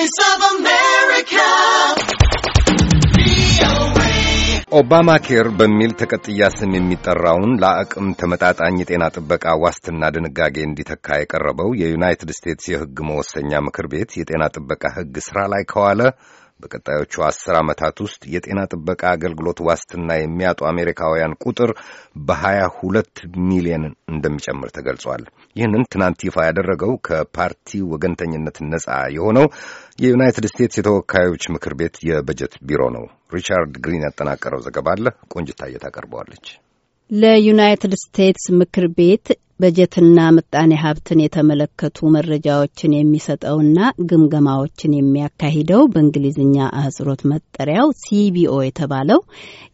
Voice of America. ኦባማ ኬር በሚል ተቀጥያ ስም የሚጠራውን ለአቅም ተመጣጣኝ የጤና ጥበቃ ዋስትና ድንጋጌ እንዲተካ የቀረበው የዩናይትድ ስቴትስ የሕግ መወሰኛ ምክር ቤት የጤና ጥበቃ ሕግ ሥራ ላይ ከዋለ በቀጣዮቹ አስር ዓመታት ውስጥ የጤና ጥበቃ አገልግሎት ዋስትና የሚያጡ አሜሪካውያን ቁጥር በሀያ ሁለት ሚሊዮን እንደሚጨምር ተገልጿል። ይህንን ትናንት ይፋ ያደረገው ከፓርቲ ወገንተኝነት ነጻ የሆነው የዩናይትድ ስቴትስ የተወካዮች ምክር ቤት የበጀት ቢሮ ነው። ሪቻርድ ግሪን ያጠናቀረው ዘገባ አለ ቆንጅታ ታቀርበዋለች። ለዩናይትድ ስቴትስ ምክር ቤት በጀትና ምጣኔ ሀብትን የተመለከቱ መረጃዎችን የሚሰጠውና ግምገማዎችን የሚያካሂደው በእንግሊዝኛ አህጽሮት መጠሪያው ሲቢኦ የተባለው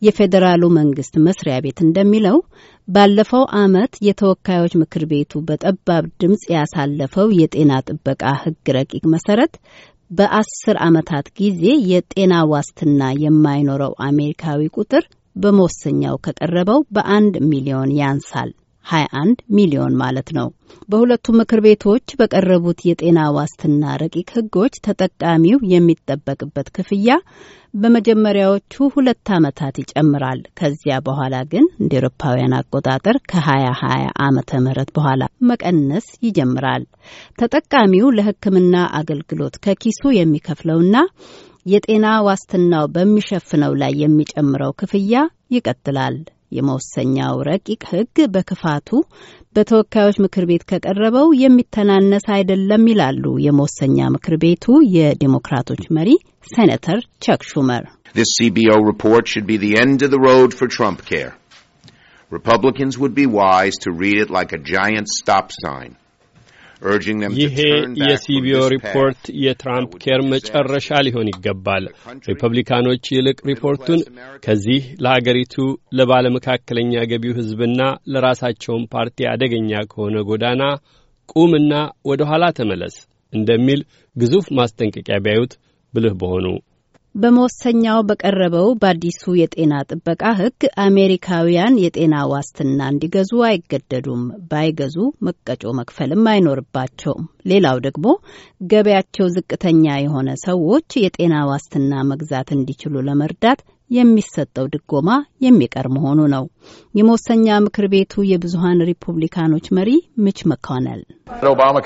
የፌዴራሉ መንግስት መስሪያ ቤት እንደሚለው ባለፈው ዓመት የተወካዮች ምክር ቤቱ በጠባብ ድምፅ ያሳለፈው የጤና ጥበቃ ሕግ ረቂቅ መሰረት በአስር ዓመታት ጊዜ የጤና ዋስትና የማይኖረው አሜሪካዊ ቁጥር በመወሰኛው ከቀረበው በአንድ ሚሊዮን ያንሳል። 21 ሚሊዮን ማለት ነው። በሁለቱ ምክር ቤቶች በቀረቡት የጤና ዋስትና ረቂቅ ሕጎች ተጠቃሚው የሚጠበቅበት ክፍያ በመጀመሪያዎቹ ሁለት ዓመታት ይጨምራል። ከዚያ በኋላ ግን እንደ ኤሮፓውያን አቆጣጠር ከ2020 ዓመተ ምህረት በኋላ መቀነስ ይጀምራል። ተጠቃሚው ለሕክምና አገልግሎት ከኪሱ የሚከፍለውና የጤና ዋስትናው በሚሸፍነው ላይ የሚጨምረው ክፍያ ይቀጥላል። የመወሰኛው ረቂቅ ሕግ በክፋቱ በተወካዮች ምክር ቤት ከቀረበው የሚተናነስ አይደለም ይላሉ የመወሰኛ ምክር ቤቱ የዲሞክራቶች መሪ ሴኔተር ቸክ ሹመር። Republicans would be wise to read it like a giant stop sign. ይሄ የሲቢኦ ሪፖርት የትራምፕ ኬር መጨረሻ ሊሆን ይገባል። ሪፐብሊካኖች ይልቅ ሪፖርቱን ከዚህ ለሀገሪቱ ለባለመካከለኛ ገቢው ሕዝብና ለራሳቸውን ፓርቲ አደገኛ ከሆነ ጎዳና ቁምና ወደ ኋላ ተመለስ እንደሚል ግዙፍ ማስጠንቀቂያ ቢያዩት ብልህ በሆኑ በመወሰኛው በቀረበው በአዲሱ የጤና ጥበቃ ሕግ አሜሪካውያን የጤና ዋስትና እንዲገዙ አይገደዱም። ባይገዙ መቀጮ መክፈልም አይኖርባቸውም። ሌላው ደግሞ ገበያቸው ዝቅተኛ የሆነ ሰዎች የጤና ዋስትና መግዛት እንዲችሉ ለመርዳት የሚሰጠው ድጎማ የሚቀር መሆኑ ነው። የመወሰኛ ምክር ቤቱ የብዙሀን ሪፑብሊካኖች መሪ ምች መኮነል ኦባማ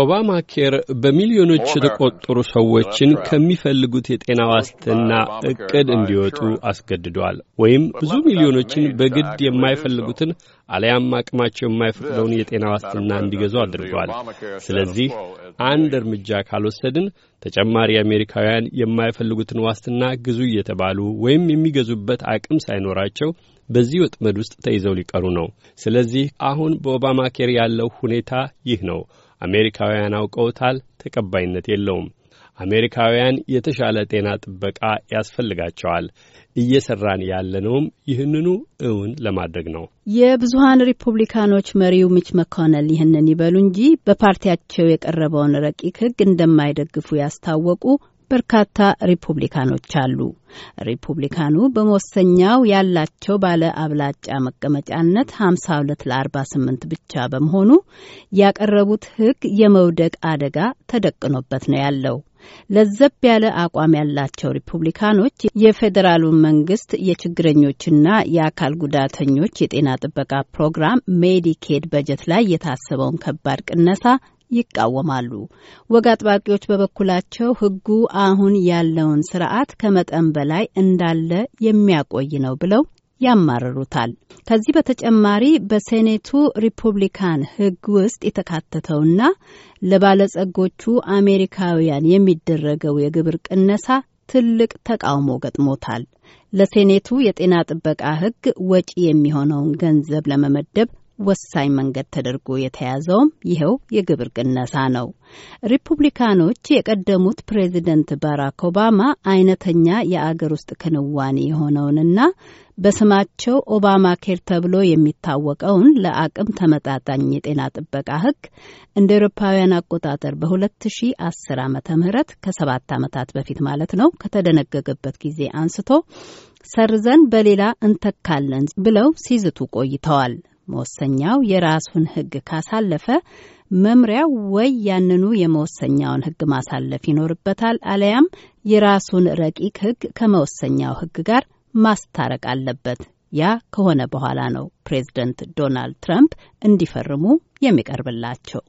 ኦባማ ኬር በሚሊዮኖች የተቆጠሩ ሰዎችን ከሚፈልጉት የጤና ዋስትና እቅድ እንዲወጡ አስገድዷል። ወይም ብዙ ሚሊዮኖችን በግድ የማይፈልጉትን አለያም አቅማቸው የማይፈቅደውን የጤና ዋስትና እንዲገዙ አድርገዋል። ስለዚህ አንድ እርምጃ ካልወሰድን ተጨማሪ አሜሪካውያን የማይፈልጉትን ዋስትና ግዙ እየተባሉ ወይም የሚገዙበት አቅም ሳይኖራቸው በዚህ ወጥመድ ውስጥ ተይዘው ሊቀሩ ነው። ስለዚህ አሁን በኦባማ ኬር ያለው ሁኔታ ይህ ነው። አሜሪካውያን አውቀውታል። ተቀባይነት የለውም። አሜሪካውያን የተሻለ ጤና ጥበቃ ያስፈልጋቸዋል። እየሰራን ያለነውም ይህንኑ እውን ለማድረግ ነው። የብዙሀን ሪፑብሊካኖች መሪው ሚች መኮነል ይህንን ይበሉ እንጂ በፓርቲያቸው የቀረበውን ረቂቅ ሕግ እንደማይደግፉ ያስታወቁ በርካታ ሪፑብሊካኖች አሉ። ሪፑብሊካኑ በመወሰኛው ያላቸው ባለ አብላጫ መቀመጫነት 52 ለ48 ብቻ በመሆኑ ያቀረቡት ሕግ የመውደቅ አደጋ ተደቅኖበት ነው ያለው። ለዘብ ያለ አቋም ያላቸው ሪፑብሊካኖች የፌዴራሉ መንግስት የችግረኞችና የአካል ጉዳተኞች የጤና ጥበቃ ፕሮግራም ሜዲኬድ በጀት ላይ የታሰበውን ከባድ ቅነሳ ይቃወማሉ። ወግ አጥባቂዎች በበኩላቸው ህጉ አሁን ያለውን ስርዓት ከመጠን በላይ እንዳለ የሚያቆይ ነው ብለው ያማርሩታል። ከዚህ በተጨማሪ በሴኔቱ ሪፑብሊካን ሕግ ውስጥ የተካተተውና ለባለጸጎቹ አሜሪካውያን የሚደረገው የግብር ቅነሳ ትልቅ ተቃውሞ ገጥሞታል። ለሴኔቱ የጤና ጥበቃ ሕግ ወጪ የሚሆነውን ገንዘብ ለመመደብ ወሳኝ መንገድ ተደርጎ የተያዘውም ይኸው የግብር ቅነሳ ነው። ሪፑብሊካኖች የቀደሙት ፕሬዚደንት ባራክ ኦባማ አይነተኛ የአገር ውስጥ ክንዋኔ የሆነውንና በስማቸው ኦባማ ኬር ተብሎ የሚታወቀውን ለአቅም ተመጣጣኝ የጤና ጥበቃ ሕግ እንደ ኤሮፓውያን አቆጣጠር በ2010 ዓ ም ከሰባት ዓመታት በፊት ማለት ነው ከተደነገገበት ጊዜ አንስቶ ሰርዘን በሌላ እንተካለን ብለው ሲዝቱ ቆይተዋል። መወሰኛው የራሱን ህግ ካሳለፈ መምሪያው ወይ ያንኑ የመወሰኛውን ህግ ማሳለፍ ይኖርበታል፣ አለያም የራሱን ረቂቅ ህግ ከመወሰኛው ህግ ጋር ማስታረቅ አለበት። ያ ከሆነ በኋላ ነው ፕሬዝደንት ዶናልድ ትራምፕ እንዲፈርሙ የሚቀርብላቸው።